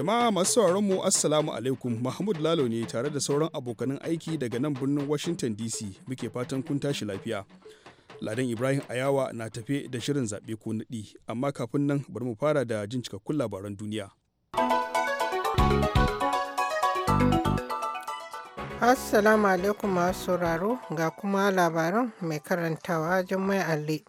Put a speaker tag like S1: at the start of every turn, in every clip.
S1: Jama'a masu sauraron mu Assalamu alaikum Mahmud Lalo ne tare da sauran abokanan aiki daga nan birnin Washington DC muke fatan kun tashi lafiya. Ladan Ibrahim Ayawa na tafe da shirin zaɓe ko naɗi amma kafin nan bari mu fara da jin cikakkun labaran duniya.
S2: Assalamu alaikum masu sauraro ga kuma labaran mai karantawa Jummai Ali.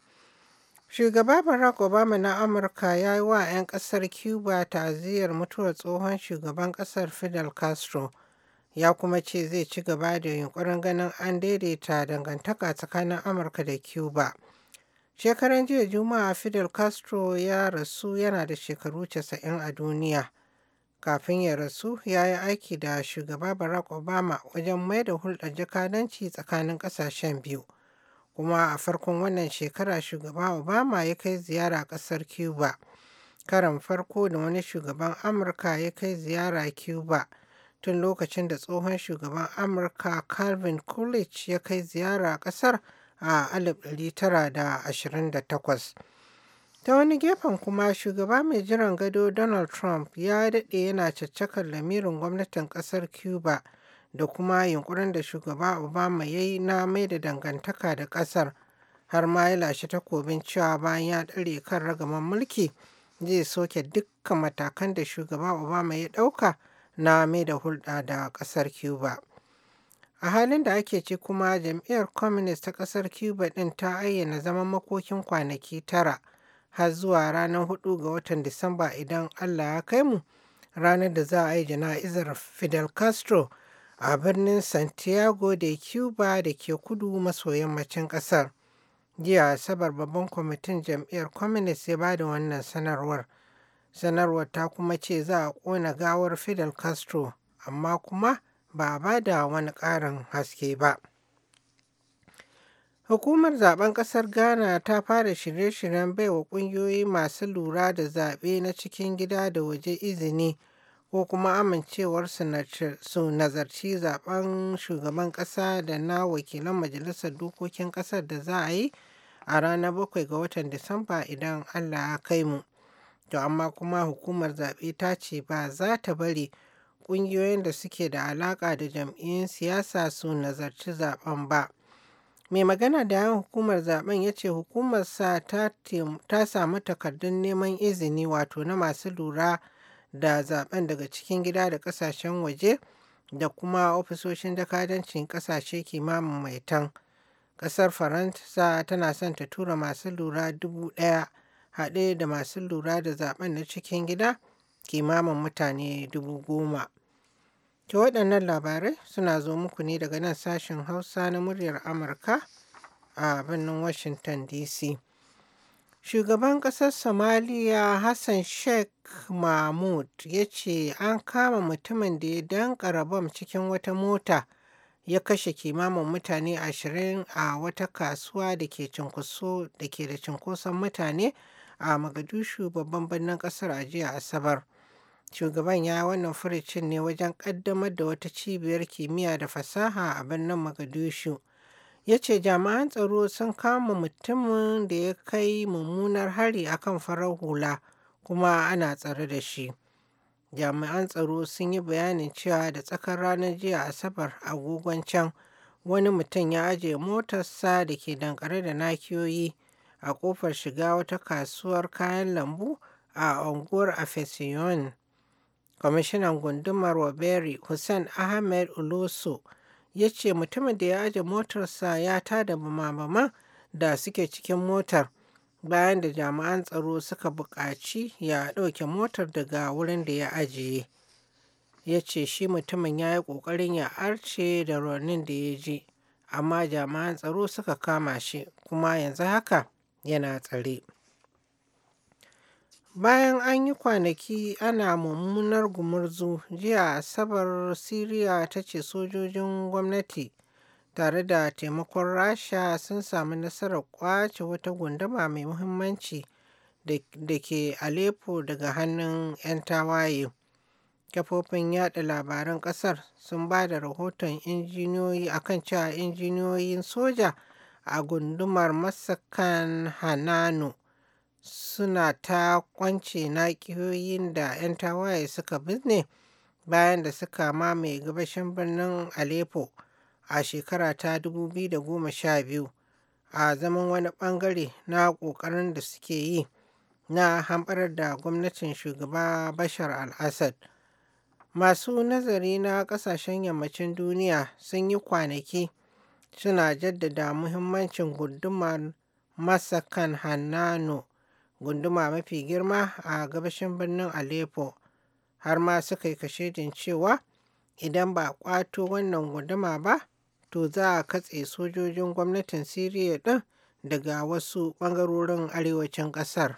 S2: Shugaba Barack Obama na Amurka ya yi wa 'yan ƙasar Cuba ta'aziyyar mutuwar tsohon shugaban ƙasar Fidel Castro, ya kuma ce zai ci gaba da yunkurin ganin an daidaita dangantaka tsakanin Amurka da Cuba. Shekaran jiya Juma'a Fidel Castro ya rasu yana da shekaru 90 a duniya. Kafin ya rasu, ya yi aiki da shugaba Barack Obama wajen mai da hulɗar jakadanci tsakanin ƙasashen biyu. kuma a farkon wannan shekara shugaba obama ya kai ziyara ƙasar cuba karan farko da wani shugaban amurka ya kai ziyara cuba tun lokacin da tsohon shugaban amurka calvin coolidge ya kai ziyara ƙasar a 1928 ta wani gefen kuma shugaba mai jiran gado donald trump ya daɗe yana caccakar lamirin gwamnatin ƙasar cuba da kuma yunkurin da shugaba obama ya yi na mai da dangantaka da ƙasar har ma ya lashe takobin cewa bayan ya ɗare kan ragaman mulki zai soke dukkan matakan da shugaba obama ya ɗauka na mai da hulɗa da ƙasar cuba a halin da ake ci kuma jam'iyyar communist ta ƙasar cuba ɗin ta ayyana zaman makokin kwanaki tara har zuwa ranar 4 ga watan disamba idan allah ya kai mu ranar da za a yi jana'izar fidel castro a birnin santiago de cuba da ke kudu maso yammacin kasar jiya asabar babban kwamitin jam'iyyar communist ya bada wannan sanarwar sanarwar ta kuma ce za a kona gawar fidel castro amma kuma ba a bada wani ƙarin haske ba Hukumar zaben kasar Ghana ta fara shirye-shiryen baiwa kungiyoyi masu lura da zaɓe na cikin gida da waje izini ko kuma amincewar su nazarci zaben shugaban ƙasa da na wakilan majalisar dokokin ƙasar da za a yi a ranar bakwai ga watan disamba idan allah ya kai mu to amma kuma hukumar zaɓe ta ce ba za ta bari ƙungiyoyin da suke da alaƙa da jam'iyyun siyasa su nazarci zaben ba mai magana da yawan hukumar zaben ya ce hukumarsa ta samu takardun neman izini wato na masu lura da zaben daga cikin gida da kasashen waje da kuma ofisoshin jakadancin kasashe kimanin maitan. Kasar Faransa tana son ta tura masu lura dubu ɗaya haɗe da masu lura da zaben na cikin gida kimanin mutane dubu goma. Ta waɗannan labarai suna zo muku ne daga nan sashen Hausa na muryar Amurka a birnin Washington DC. Shugaban ƙasar Somaliya Hassan Sheikh Mahmud ya ce an kama mutumin da ya danƙara bam cikin wata mota ya kashe kimamin mutane ashirin a wata kasuwa da ke da cunkoson mutane a magadushu babban birnin ƙasar a jiya Asabar. Shugaban ya wannan furicin ne wajen ƙaddamar da wata cibiyar kimiyya da fasaha a birnin magadushu ya ce jami'an tsaro sun kama mutumin da ya kai mummunar hari a kan farar hula kuma ana tsare da shi jami'an tsaro sun yi bayanin cewa da tsakar ranar jiya asabar agogon can wani mutum ya ajiye motarsa da ke dankare da nakiyoyi a kofar shiga wata kasuwar kayan lambu a unguwar afesiyon kwamishinan gundumar waberi hussein ahmed uloso ya ce mutumin da ya aje motarsa ya ta da mamaman da suke cikin motar bayan da jami'an tsaro suka buƙaci ya ɗauke motar daga wurin da ya ajiye ya ce shi mutumin ya yi ƙoƙarin ya arce da raunin da ya ji amma jami'an tsaro suka kama shi kuma yanzu haka yana tsare. Bayan an yi kwanaki ana mummunar gumurzu, jiya Asabar Siriya ta ce sojojin gwamnati tare da taimakon Rasha sun samu nasarar ƙwace wata gunduma mai muhimmanci da ke Aleppo daga hannun ‘yan tawaye. Kafofin yada labaran ƙasar sun ba da rahoton injiniyoyi akan cewa injiniyoyin soja a gundumar Masakan Hananu. suna ta kwance kiyoyin da 'yan tawaye suka binne bayan da suka mamaye gabashin birnin aleppo a shekara ta 2012 a zaman wani bangare na ƙoƙarin da suke yi na hamɓarar da gwamnatin shugaba bashar al-assad masu nazari na ƙasashen yammacin duniya sun yi kwanaki suna jaddada muhimmancin gundumar masakan hannano gunduma mafi girma a gabashin birnin aleppo har ma suka yi kashedin cewa idan ba a kwato wannan gunduma ba to za a katse sojojin gwamnatin siriya din daga wasu ɓangarorin arewacin ƙasar.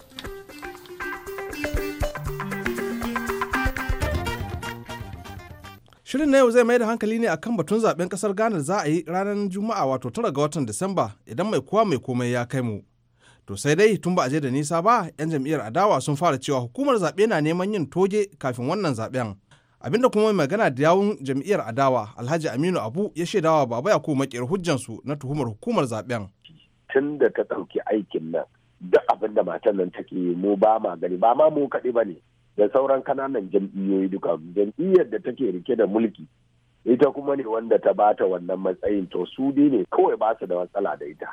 S3: Shirin na yau zai mai da hankali ne akan batun zaben kasar Ghana za a yi ranar Juma'a wato tara ga watan Disamba idan mai kowa mai komai ya kai mu. To sai dai tun ba a je da nisa ba 'yan jam'iyyar adawa sun fara cewa hukumar zaɓe na neman yin toge kafin wannan zaɓen. Abinda kuma mai magana da yawun jam'iyyar adawa Alhaji Aminu Abu ya shaidawa Baba Yakubu Makiyar hujjansu na tuhumar hukumar zaɓen.
S4: Tun da ta ɗauki aikin nan duk abin da matan nan take mu ba ma gani ba ma mu kaɗi ba ne da sauran kananan jam'iyyoyi duka jam'iyyar da take rike da mulki ita kuma ne wanda ta bata wannan matsayin to su dai ne kawai ba su da matsala da ita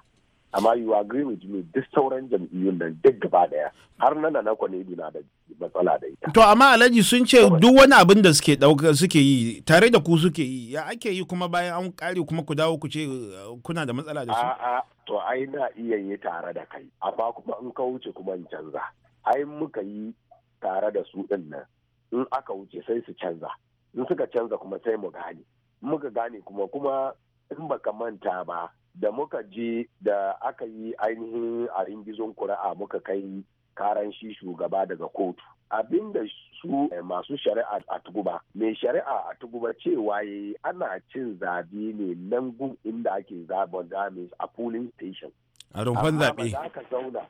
S4: amma you agree with me duk sauran jam'iyyun nan duk gaba daya har nana na kwanedi na da matsala da
S5: ita to amma alaji sun ce duk wani abin da suke dauka suke yi tare da ku suke yi ya ake yi kuma bayan an kare kuma ku dawo ku ce uh, kuna da matsala da su a'a
S4: to ai na iya yi tare da kai amma kuma in ka wuce kuma in canza ai muka yi tare da su ɗin nan in aka wuce sai su canza in suka canza kuma sai mu gane muka gane kuma kuma in baka manta ba da muka je da aka yi ainihin a ringizon kuri'a muka kai karan shi shugaba daga kotu abinda su eh, masu shari'a a tuguba mai shari'a a tuguba cewa ana cin zabe ne nan gun inda ake zaben zamis a polling station
S5: a rumfan zaɓe ba
S4: ka zauna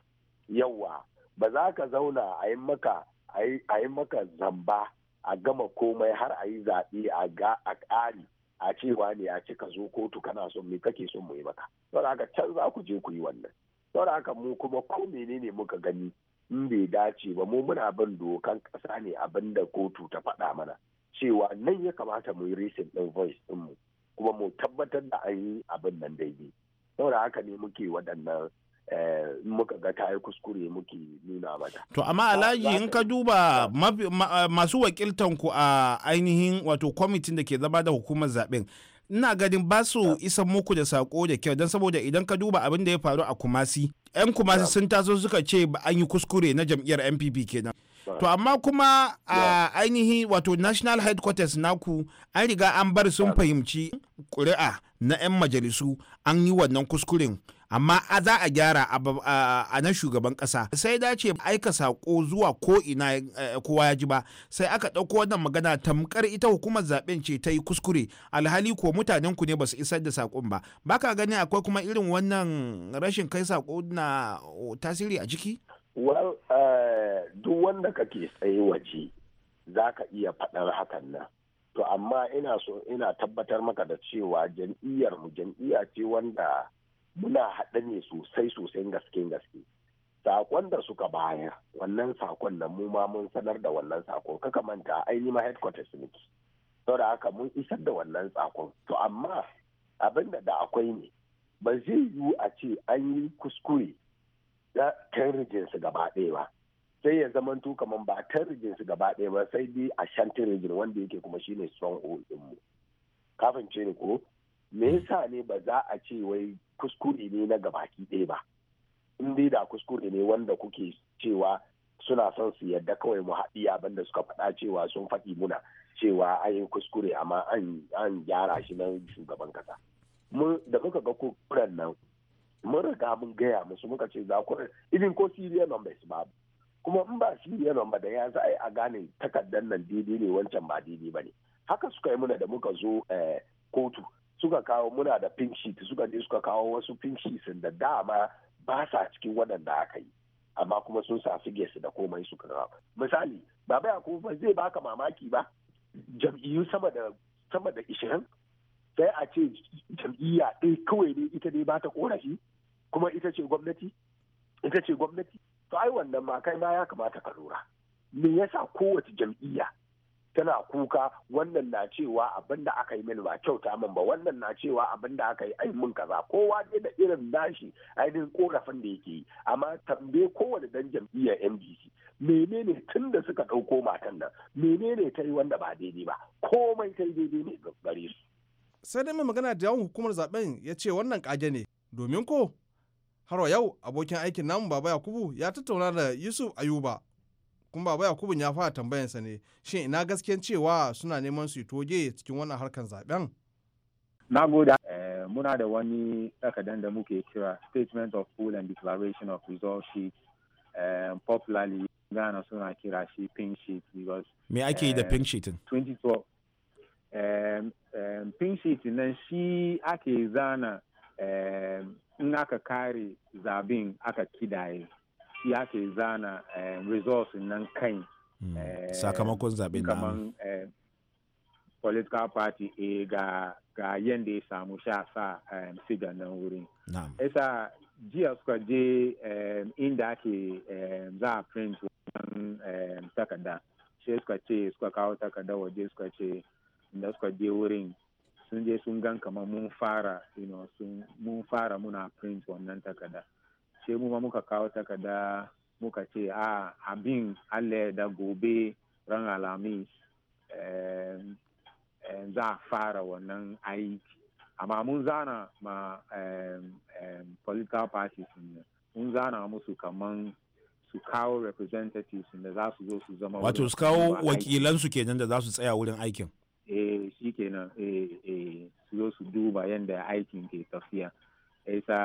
S4: yawa ba za ka zauna a yi maka a yi maka zamba a gama komai har a yi zaɓe a ga a ƙari a cewa ne a cika zo kotu kana son me kake son mu yi maka saboda haka can za ku je ku yi wannan saboda haka mu kuma ko menene muka gani in bai dace ba mu muna bin dokan ƙasa ne abinda kotu ta faɗa mana cewa nan ya kamata mu yi recent ɗin voice ɗinmu kuma mu tabbatar da an yi abin nan daidai saboda haka ne muke waɗannan Eh, muka ga ta yi kuskure muke nuna mata. To amma alaji
S5: in ka duba eh, masu wakiltan ku a ainihin wato kwamitin da ke zama da hukumar zaben ina ganin ba su isa muku da sako da kyau don saboda idan ka duba abin da ya faru a kumasi yan kumasi sun taso suka ce an yi kuskure na jam'iyyar npp kenan to amma kuma a ainihi wato national headquarters naku an riga an bar sun fahimci ƙuri'a na 'yan majalisu an yi wannan kuskuren amma a za a gyara a na shugaban kasa sai dace aika sako zuwa ko ina eh, kowa ya ji ba sai aka ɗauko wannan magana tamkar ita hukumar zaben ce ta yi kuskure alhali ko mutanen ku ne ba su isar da sakon ba baka gani akwai kuma irin wannan rashin kai sako na tasiri a jiki.
S4: Eh, duk wanda kake tsaye waje za ka iya faɗar hakan nan to amma ina so ina tabbatar maka da cewa jam'iyyar mu jam'iyya ce wanda muna haɗa ne sosai sosai gaske gaske sakon da suka baya wannan sakon na mu ma mun sanar da wannan sakon kaka manta aini ma headquarters muke saboda haka mun isar da wannan sakon to amma abin da da akwai ne ba zai yiwu a ce an yi kuskure da tirijinsu su gaba ɗaya ba sai ya zama to kaman ba tanrijin su gaba ɗaya ba sai dai a shan tirijin wanda yake kuma shine strong hold din mu kafin ce ne ko me hmm. yasa ne ba za a ce wai kuskure ne na gabaki ɗaya ba in dai da kuskure ne wanda kuke cewa suna son su yadda kawai mu haɗi abin da suka faɗa cewa sun faɗi muna cewa an yi kuskure amma an gyara shi na shugaban kasa da muka ga kuran nan mun riga mun gaya musu muka ce za ku irin ko siriya nan bai su kuma in ba siriya nan ba da ya za a yi a gane takardar nan daidai ne wancan ba daidai ba ne haka suka yi muna da muka zo eh, kotu suka kawo muna da pink sheet suka je suka kawo wasu pink sheets da dama ba sa cikin waɗanda aka yi amma kuma sun safi gesi da komai suka kawo misali baba yakubu ba zai baka mamaki ba jam'iyyu sama da sama ishirin sai a ce jam'iyya ɗaya kawai ne ita ne ba ta korafi kuma ita ce gwamnati ita ce gwamnati to ai wannan ma kai ma ya kamata ka lura me yasa kowace jam'iyya tana kuka wannan na cewa abin da aka yi min ba kyauta min ba wannan na cewa abin da aka yi ai mun kaza kowa dai da irin nashi ainihin korafin da yake yi amma tambaye kowane dan jam'iyyar MDC menene tun da suka ɗauko matan nan menene ta yi wanda ba daidai ba komai ta yi daidai ne
S3: gare su. sai dai mai magana da yawon hukumar zaben ya ce wannan kage ne domin ko har yau abokin aikin namu baba yakubu ya tattauna da yusuf ayuba kuma baya kubin ya fara tambayansa ne shin ina gaskiya cewa suna neman su toge cikin wannan harkan zaben
S6: na gode eh, muna da wani takadan da muke kira statement of full and declaration of result sheet eh, popularly gana suna kira shi pink sheet because me ake yi da eh, pink sheet 2012 pink sheet nan shi ake zana in aka kare zabin aka kidaye shi ake zana eh, resource nan kan hmm. eh, sakamakon zaɓen na eh, political party a ga ga yadda ya samu sha sa siga nan wurin. Isa jiya suka je inda ake za a print wannan takarda. Shi suka ce suka kawo takarda waje suka ce inda suka je wurin sun je sun gan kamar mun fara mun fara muna print wannan takarda. sai mu ma muka kawo takarda muka ce a abin allah da gobe ran alami eh, eh, za a fara wannan aiki amma mun zana ma eh, political parties ne mun zana musu kaman su kawo representatives da za su zo su zama wato su kawo wakilansu
S5: kenan da za su tsaya wurin aikin
S6: eh shi kenan eh eh su zo su duba yadda aikin ke tafiya yasa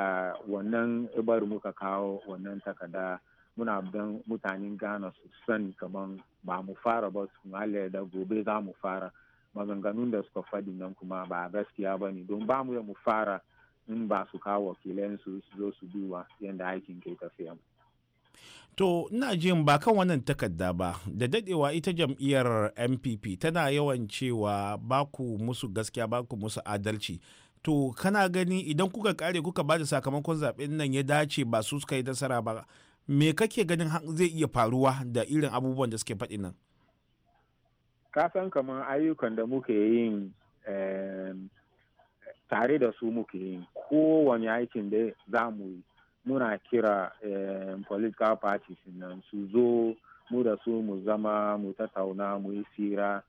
S6: wannan ibaru muka kawo wannan takarda muna don mutanen ghana su san kamar ba mu fara ba su da gobe za mu fara maganganun da suka faɗi nan kuma ba gaskiya ba ne don ba mu mu fara in ba su kawo wakilin su zo su duba yadda aikin ke tafiya
S5: To, ina jin ba kan wannan takarda ba, da dadewa ita jam'iyyar MPP tana yawan cewa ba ku musu gaskiya ba ku musu adalci. to kana gani idan kuka kare kuka ba da sakamakon zaɓen nan ya dace ba su suka yi nasara ba me kake ganin zai iya faruwa da irin abubuwan da suke faɗi nan
S6: ka san kamar ayyukan da muke yin tare da su muke yin kowane aikin da za mu yi muna kira political parties nan su zo mu da su mu zama mu tattauna mu yi sira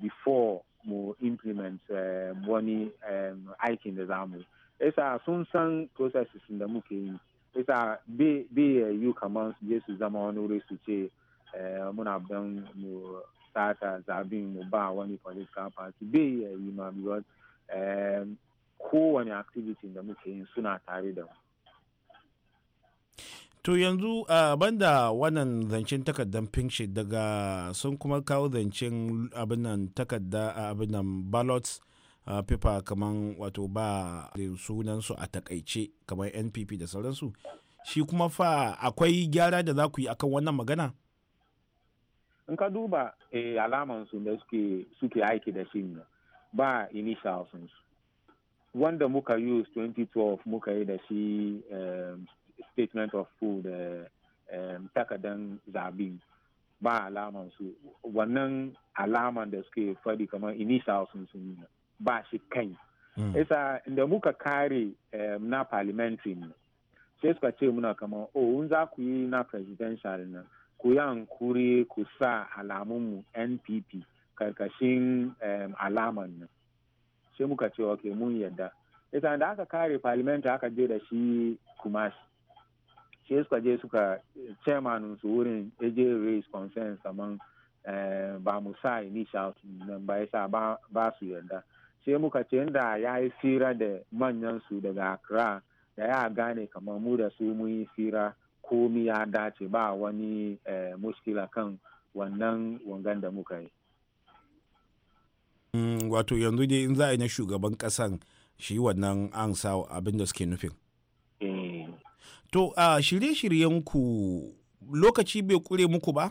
S6: before mu implement eh, wani eh, aikin da za mu isa sun san processes da muke yi isa bai yi kamar su je su zama wani wuri su ce eh, muna ban mu sata zabin mu ba wani political party bai yi ma because kowane activity da muke yi suna tare da mu
S5: to yanzu a banda wannan zancen takardar pinshi daga sun kuma kawo zancen abinan takarda a abinan uh, paper kamar wato ba sunansu a takaice kamar npp da sauransu shi kuma fa akwai gyara da za ku yi akan wannan magana
S6: in ka duba eh, su da suke aiki da shi ba initials wanda muka use 2012 muka yi da shi statement of da eh, eh, takardan zabi ba alaman su wannan alaman da suke faɗi kamar inisa sun sun ba shi kai isa hmm. inda muka kare eh, na parliamentary ne sai suka ce muna kama o oh, za ku yi na presidential na ku yi hankuri ku sa alamunmu npp karkashin alaman nan sai muka ce ok mun yadda isa da aka kare parliamentary aka je da shi kumasi sai suka je suka chairman su wurin eje raise concerns kaman eh, ba mu sa initial nan ba yasa ba su yarda sai muka ce inda ya yi fira da manyan su daga Accra da ya gane kamar mu da su mun yi fira komi ya dace ba wani eh, muskila kan wannan wangan da muka yi.
S5: Mm, wato yanzu dai in za a yi na shugaban kasan shi wannan an sa abin da suke nufin. To a shirye-shiryenku lokaci bai kure muku ba?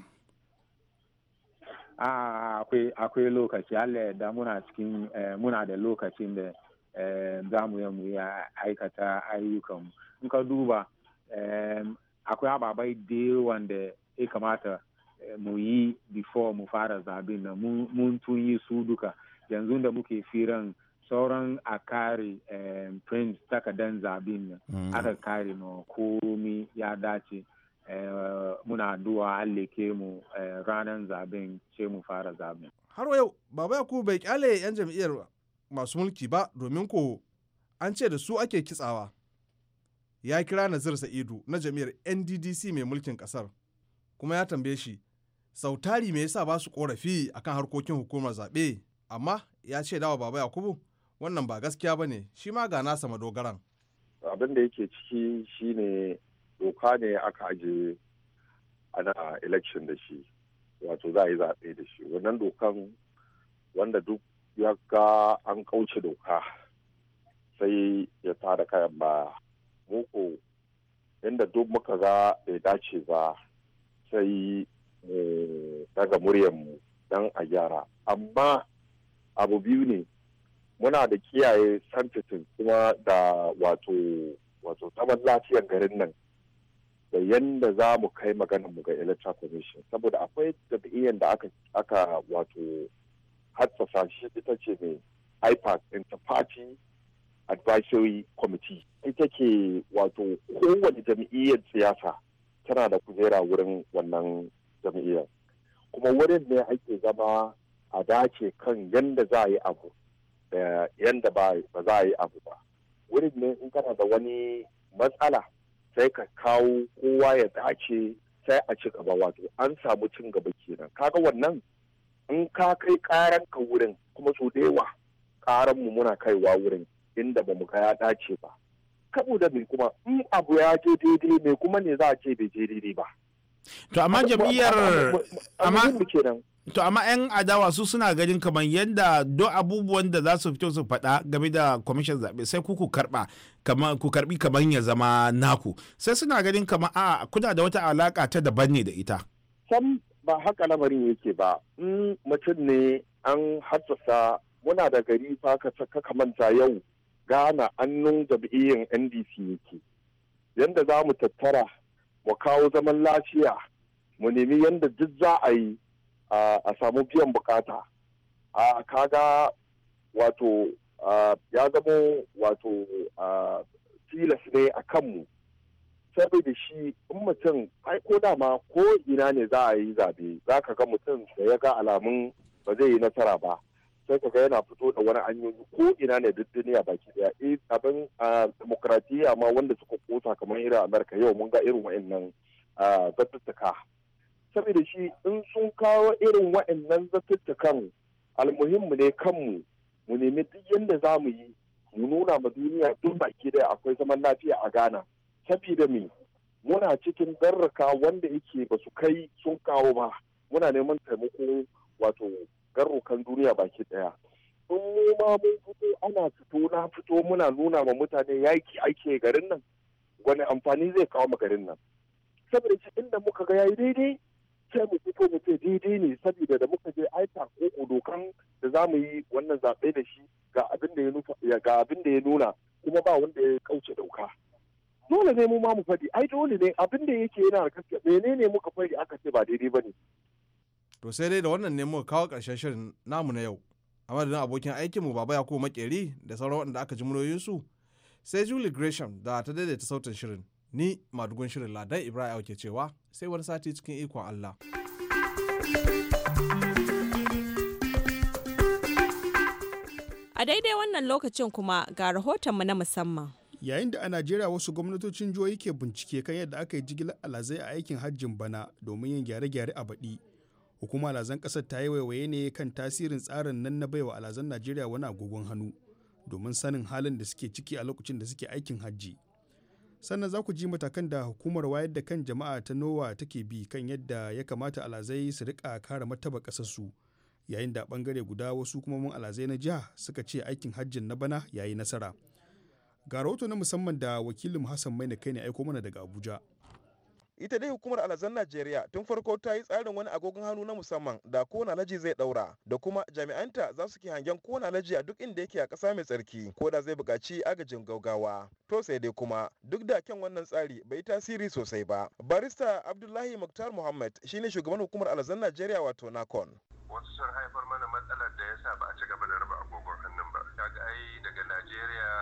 S6: akwai lokaci Allah da muna cikin eh, muna da lokacin da eh, za mu mu ya aikata ayyukan in ka duba eh, akwai ababai da yawan da ya kamata mu yi before mu fara zabin na mun tun yi su duka yanzu da muke firan sauran a kare eh, print takadan zabin nan mm. aka kare ma komi ya dace eh, muna duwa alleke mu eh, ranar zabin ce mu fara zabin
S3: har yau baba yakubu bai kyale yan jam'iyyar masu mulki ba domin ko an ce da su ake kitsawa ya kira nazir sa'idu na jam'iyyar nddc mai mulkin kasar kuma ya tambaye shi sautari mai yasa ba su korafi akan harkokin hukumar zaɓe amma ya ce dawa baba yakubu wannan ba gaskiya ba ne shi ma ga nasa madogaran
S4: abin da yake ciki shi ne doka ne aka aje ana election da shi wato za a yi zaɓe da shi wannan dokan wanda duk ya ga an kauce doka sai ya tada kayan ba muku inda duk muka ga ya dace ba sai daga muryarmu dan a gyara amma abu biyu ne muna da kiyaye santitin kuma da wato wato zaman lafiyar garin nan da yadda za mu kai maganar mu ga electoral commission saboda akwai jam'iyyar da aka aka wato hatsasa shi ita ce mai ipac interparty party advisory committee ita ke wato kowane jam'iyyar siyasa tana da kujera wurin wannan jam'iyyar kuma wurin ne ake zama a dace kan yadda za a yi abu yadda ba za a yi abu ba wurin ne in kana da wani matsala sai ka kawo kowa ya dace sai a ci gaba wato an samu cin gaba kenan kaga wannan in ka kai karan ka wurin kuma so da yawa karan mu muna kaiwa wurin inda ba mu ga ya dace ba da me kuma in abu ya je daidai me kuma ne za a ce bai je daidai ba
S2: to amma jami'ar
S4: amma
S5: to amma 'yan adawa su suna ganin kamar yadda do abubuwan da za su fito su faɗa game da kwamishin zaɓe sai ku ku karɓi kamar ya zama naku sai suna ganin kamar a kuna da wata alaƙa ta daban ne da ita
S4: sam ba haka lamarin yake ba in mutum ne an haddasa muna da gari fa ka ka manta yau gana annun jam'iyyar ndc yake yadda za mu tattara mu kawo zaman lafiya mu nemi yadda duk za a yi a samu biyan bukata a kaga wato ya zamo wato tilas ne a kanmu saboda shi in mutum ai ko dama ko ina ne za a yi zabe za ka ga mutum da ya ga alamun ba zai yi nasara ba sai ka ga yana fito da wani hanyoyi ko ina ne duk duniya baki daya eh abin demokradiyya ma wanda suka kosa kamar irin amurka yau mun ga irin a zattuttuka saboda shi in sun kawo irin waɗannan zatuttukan almuhimmu ne kanmu mu nemi duk yadda za mu yi mu nuna ma duniya duk baki da akwai zaman lafiya a ghana saboda me muna cikin darraka wanda yake ba su kai sun kawo ba muna neman taimako wato garrukan duniya baki daya in mu ma mun fito ana fito na fito muna nuna ma mutane yaki ake garin nan wani amfani zai kawo ma garin nan saboda shi inda muka ga yayi daidai sai mu fito mu ce daidai ne saboda da muka je aika ko dokan da za mu yi wannan zaɓe da shi ga abin da ya ga abin da ya nuna kuma ba wanda ya kauce dauka dole ne mu ma mu faɗi ai dole ne abin da yake yana gaskiya menene muka faɗi aka ce ba daidai bane
S3: to sai dai da wannan ne muka kawo ƙarshen shirin namu na yau amma da abokin aikinmu baba ya ko makeri da sauran waɗanda aka ji su sai julie gresham da ta daidaita sautin shirin ni madugun shirin ladan ibrahim ke cewa sai wani sati cikin ikon allah
S2: a
S1: daidai wannan lokacin kuma ga rahoton rahotonmu na musamman yayin da a najeriya wasu gwamnatocin jihohi ke bincike kan yadda aka yi jigilar alazai a aikin hajjin bana domin yin gyare-gyare a baɗi hukuma alazan ƙasar ta yi waiwaye ne kan tasirin tsarin nan na baiwa alazan najeriya wani agogon hannu domin sanin halin da suke ciki a lokacin da suke aikin hajji sannan za ku ji matakan da hukumar wayar da kan jama'a ta nowa take bi kan yadda ya kamata alazai su rika kare martaba ƙasarsu yayin da bangare guda wasu mun alazai na jiha suka ce aikin hajjin na bana yayi nasara ga rahoto na musamman da wakilin hassan mai na kai ne aiko mana daga abuja
S7: ita dai hukumar alazan najeriya tun farko ta yi tsarin wani agogon hannu na musamman da kona alhaji zai daura da kuma jami'anta za su ke hangen kowane alhaji a duk inda yake a ƙasa mai tsarki ko da zai buƙaci agajin gaugawa to sai dai kuma duk da kyan wannan tsari bai tasiri sosai ba barista abdullahi muktar muhammad shine shugaban hukumar alazan najeriya wato nakon
S8: wasu sun haifar mana matsalar da ya sa ba a ci gaba da raba agogon alhazai daga najeriya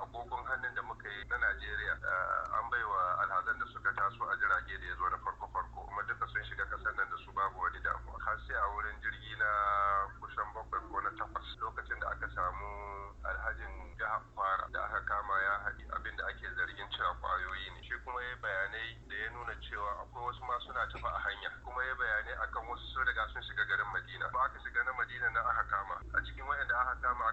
S8: agogon hannun da muka yi na najeriya eh, an baiwa alhazan da suka taso a jirage da ya zo da farko farko kuma duka sun shiga kasar nan da su babu wani damuwa har sai a wurin jirgi na kusan bakwai ko na takwas lokacin da aka samu alhajin ya kwara da aka kama ya haɗi abin da ake zargin cewa kwayoyi ne shi kuma ya bayanai da ya nuna cewa akwai wasu ma suna tafi a hanya kuma ya bayanai akan wasu sun riga sun shiga garin madina ba aka shiga na madina na aka kama a cikin wayanda aka kama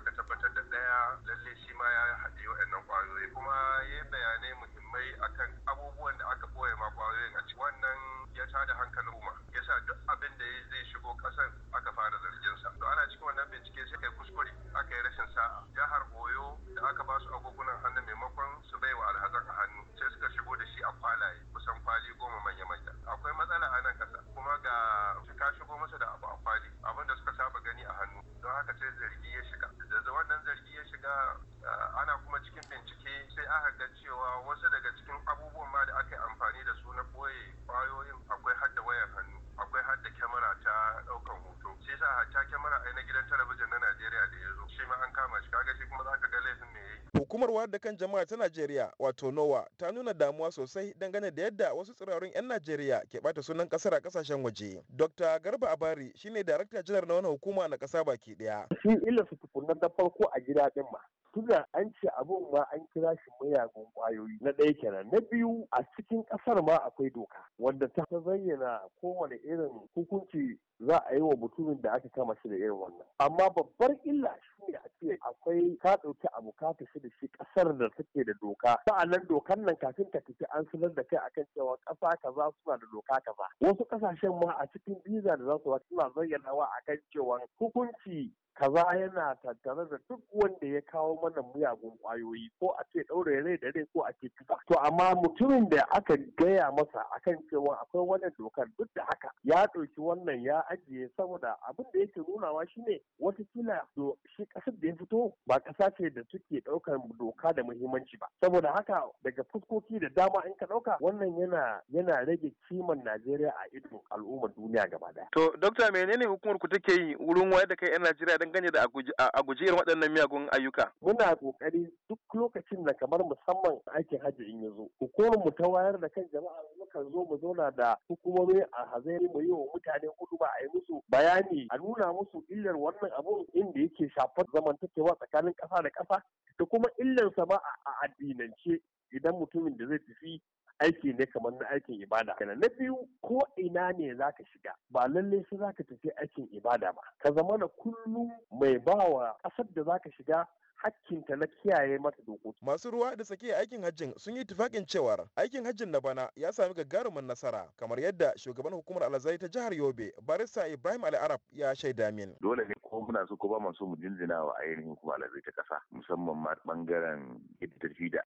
S8: kaga shi kuma zaka ga laifin
S7: me yayi hukumar wayar da kan jama'a ta Najeriya wato NOWA ta nuna damuwa sosai dangane da yadda wasu tsirarun 'yan Najeriya ke bata sunan kasar a kasashen waje Dr. Garba Abari shine darakta janar na wani hukuma na kasa baki daya shi illa su tukunna da farko a
S4: gida din ma suga an ce abun ma an kira shi mayagun kwayoyi na ɗaya kenan na biyu a cikin ƙasar ma akwai doka wanda ta zayyana kowane irin hukunci za a yi wa mutumin da aka kama shi da irin wannan amma babbar illa shi ne a ce akwai ka ɗauki abu ka tafi da shi ƙasar da take da doka sa'annan dokan nan kafin ka tafi an sanar da kai akan cewa ƙasa kaza suna da doka kaza wasu ƙasashen ma a cikin biza da za su suna zayyanawa akan cewa hukunci kaza yana tattare da duk wanda ya kawo mana miyagun kwayoyi ko a ce ɗaure rai da rai ko a ce kisa to amma mutumin da aka gaya masa akan cewa akwai wannan dokar duk da haka ya ɗauki wannan ya ajiye saboda abin da yake nunawa shine wata kila to shi ƙasar da ya fito ba ƙasa ce da suke ɗaukar doka da muhimmanci ba saboda haka daga fuskoki da dama in ka ɗauka wannan yana yana rage kiman Najeriya a idon al'ummar duniya gaba ɗaya. To,
S7: Dokta menene hukumar ku take yi wurin wayar da kai 'yan Najeriya dangane da a guji irin waɗannan miyagun ayyuka? Muna
S4: ƙoƙari duk lokacin da kamar musamman aikin hajji in ya zo. Hukumar mu ta wayar da kan jama'a mukan zo mu zauna da hukumomi a hazari mu yi wa mutane hudu ba a yi musu bayani a nuna musu illar wannan abun inda yake shafar zamantakewa tsakanin ƙasa da ƙasa da kuma illarsa ba a addinance idan mutumin da zai tafi aiki ne kamar na aikin ibada kenan na biyu ko ina ne zaka shiga ba lalle sai zaka tafi aikin ibada ba ka zama da kullum mai bawa kasar da zaka shiga
S7: hakkinta na kiyaye mata dokoki. Masu ruwa da tsakiya aikin hajjin sun yi tufaƙin cewar aikin hajjin na bana ya sami gagarumin nasara kamar yadda shugaban hukumar alzai ta jihar Yobe barista Ibrahim Ali Arab ya shaida min.
S4: Dole ne ko muna so ko ba mu mu jinjina wa ainihin kuma alazai ta ƙasa musamman ma bangaren yadda da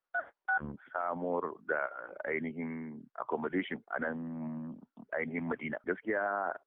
S4: an samar da ainihin accommodation a nan ainihin Madina. Gaskiya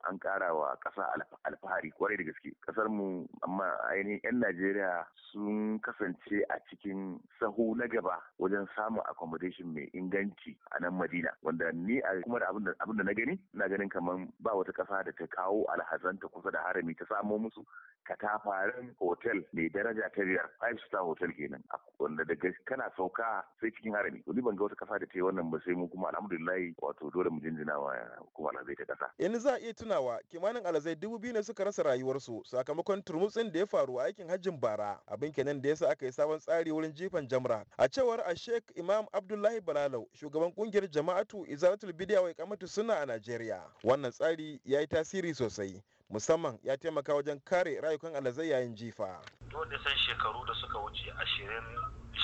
S4: an kara wa ƙasa alfahari kwarai da gaske. Ƙasar mu amma ainihin 'yan Najeriya sun kasance a cikin sahu na gaba wajen samun accommodation mai inganci a nan Madina. Wanda ni a kuma da abin da na gani, na ganin kamar ba wata ƙasa da ta kawo alhazanta kusa da harami ta samo musu katafaren hotel mai daraja ta biyar five star hotel kenan wanda daga kana sauka sai cikin harami to ban ga wata kasa da ta yi wannan ba sai mu kuma alhamdulillah wato dole mu jinjina wa kuma alazai ta kasa
S7: yanzu za a iya tunawa kimanin alazai dubu biyu ne suka rasa rayuwarsu sakamakon turmutsin da ya faru a aikin hajjin bara abin kenan da yasa aka yi sabon tsari wurin jifan jamra a cewar a sheik imam abdullahi balalau shugaban kungiyar jama'atu izaratul bidiya wa ikamatu suna a najeriya wannan tsari ya yi tasiri sosai musamman ya taimaka wajen kare rayukan alazai yayin jifa.
S2: Dole sai shekaru da
S4: suka wuce ashirin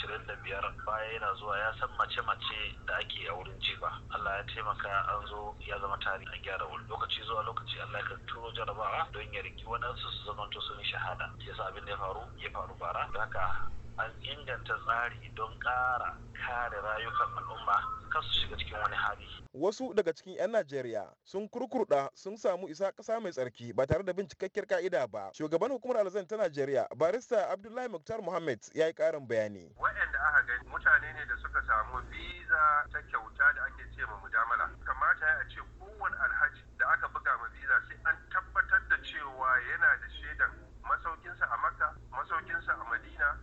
S4: ashirin da biyar baya yana zuwa ya san mace-mace da ake a wurin jiba Allah ya taimaka an zo ya zama tari a gyara wuri lokaci zuwa lokaci Allah ya turo jarabawa don ya riki wani su zama to sun shahada yasa abin da ya faru ya faru bara haka an inganta tsari don ƙara kare rayukan al'umma kar su shiga cikin wani hali.
S7: Wasu daga cikin 'yan Najeriya sun kurkurda sun samu isa ƙasa mai tsarki ba tare da bin cikakkiyar ka'ida ba. Shugaban hukumar alzan ta Najeriya barista Abdullahi Muktar Muhammad ya yi ƙarin bayani. Waɗanda aka gani mutane ne da suka samu visa ta kyauta da
S8: ake ce ma mujamala. Kamata ya ce kowane alhaji da aka buga ma visa sai an tabbatar da cewa yana da shaidar masaukinsa a Makka, masaukinsa a Madina,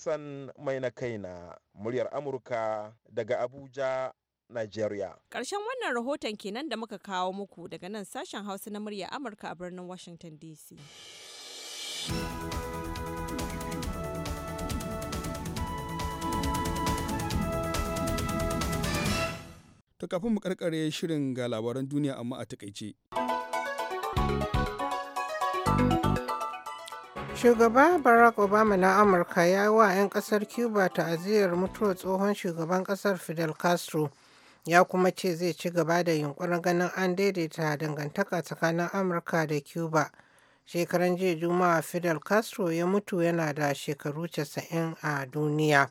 S7: Hassan mai na kaina muryar Amurka daga Abuja, Nigeria.
S1: Ƙarshen wannan rahoton kenan da muka kawo muku daga nan sashen Hausa na muryar Amurka a birnin Washington DC. To kafin mu karkare shirin ga labaran duniya amma a takaice.
S2: Shugaba Barack Obama na Amurka ya yi wa 'yan kasar Cuba ta'aziyar mutuwar tsohon shugaban kasar Fidel Castro ya kuma ce zai ci gaba da yunkurin ganin an daidaita dangantaka tsakanin Amurka da Cuba. Shekaran jiya Juma'a Fidel Castro ya mutu yana da shekaru 90 a duniya.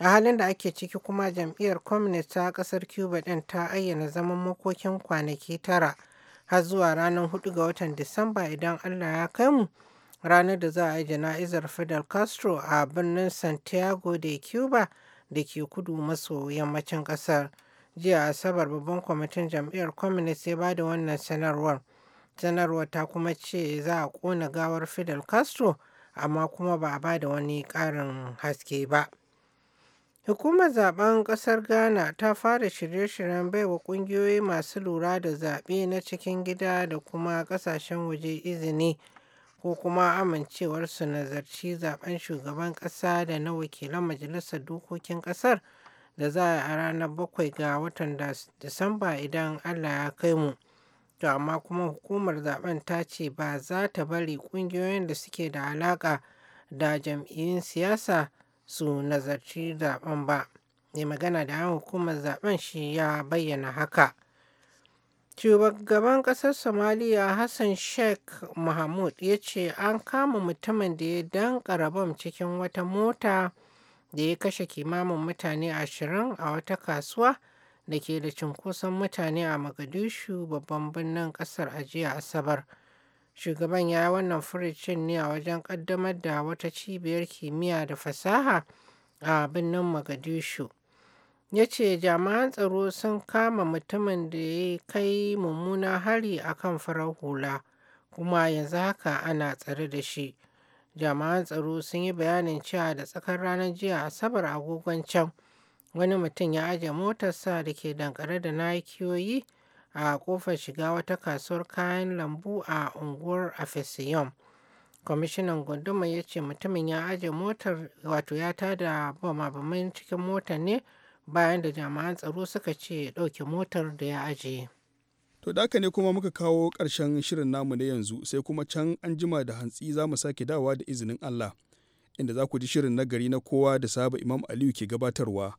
S2: A halin da ake ciki kuma jam'iyyar Communist ta ƙasar Cuba ɗin ta ayyana zaman makokin kwanaki tara har zuwa ranar 4 ga watan Disamba idan Allah ya kai mu. ranar da za a yi jana'izar Fidel Castro a birnin Santiago de Cuba da ke kudu maso yammacin ƙasar. Jiya Asabar babban kwamitin jam'iyyar Communist ya ba da wannan sanarwar. Sanarwar ta kuma ce za a ƙona gawar Fidel Castro amma kuma ba a ba da wani ƙarin haske ba. Hukumar zaben ƙasar Ghana ta fara shirye-shiryen baiwa kungiyoyi masu lura da zaɓe na cikin gida da kuma ƙasashen waje izini ko kuma amincewar su nazarci zaben shugaban ƙasa da na wakilan majalisar dokokin ƙasar da za a ranar bakwai ga watan Disamba idan Allah ya kai mu. To amma kuma hukumar zaben ta ce ba za ta bari ƙungiyoyin da suke da alaƙa da jam'iyyun siyasa su nazarci zaben ba. Mai magana da hukumar zaben shi ya bayyana haka. Shugaban ƙasar Somaliya Hassan Sheikh mahmud ya ce an kama mutumin da ya danƙara bam cikin wata mota da ya kashe kimamin mutane ashirin a wata kasuwa da ke da cunkoson mutane a Mogadishu babban birnin ƙasar a Asabar. Shugaban ya yi wannan furicin ne a wajen ƙaddamar da wata cibiyar kimiyya da fasaha a birnin Mogadishu. ya ce jami'an tsaro sun kama mutumin da ya kai mummuna hari a kan farar hula kuma yanzu haka ana tsare da shi jami'an tsaro sun yi bayanin cewa da tsakar ranar jiya asabar agogon can wani mutum ya aje motarsa da ke dankare da nakiyoyi a kofar shiga wata kasuwar kayan lambu a unguwar afesiyom kwamishinan gunduma ya ce mutumin ya aje motar wato ya tada bama cikin motar ne bayan da jami'an tsaro suka ce ya ɗauke motar da ya ajiye.
S1: To daka ne kuma muka kawo ƙarshen shirin namu na yanzu sai kuma can an jima da hantsi za mu sake dawa da izinin Allah inda za ku ji shirin nagari na kowa da saba Imam Aliyu ke gabatarwa.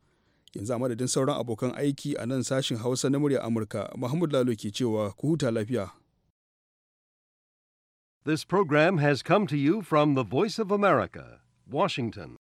S1: Yanzu a madadin sauran abokan aiki a nan sashin Hausa na murya Amurka, Muhammad Lalo ke cewa ku huta lafiya. This program has come to you from the Voice of America, Washington.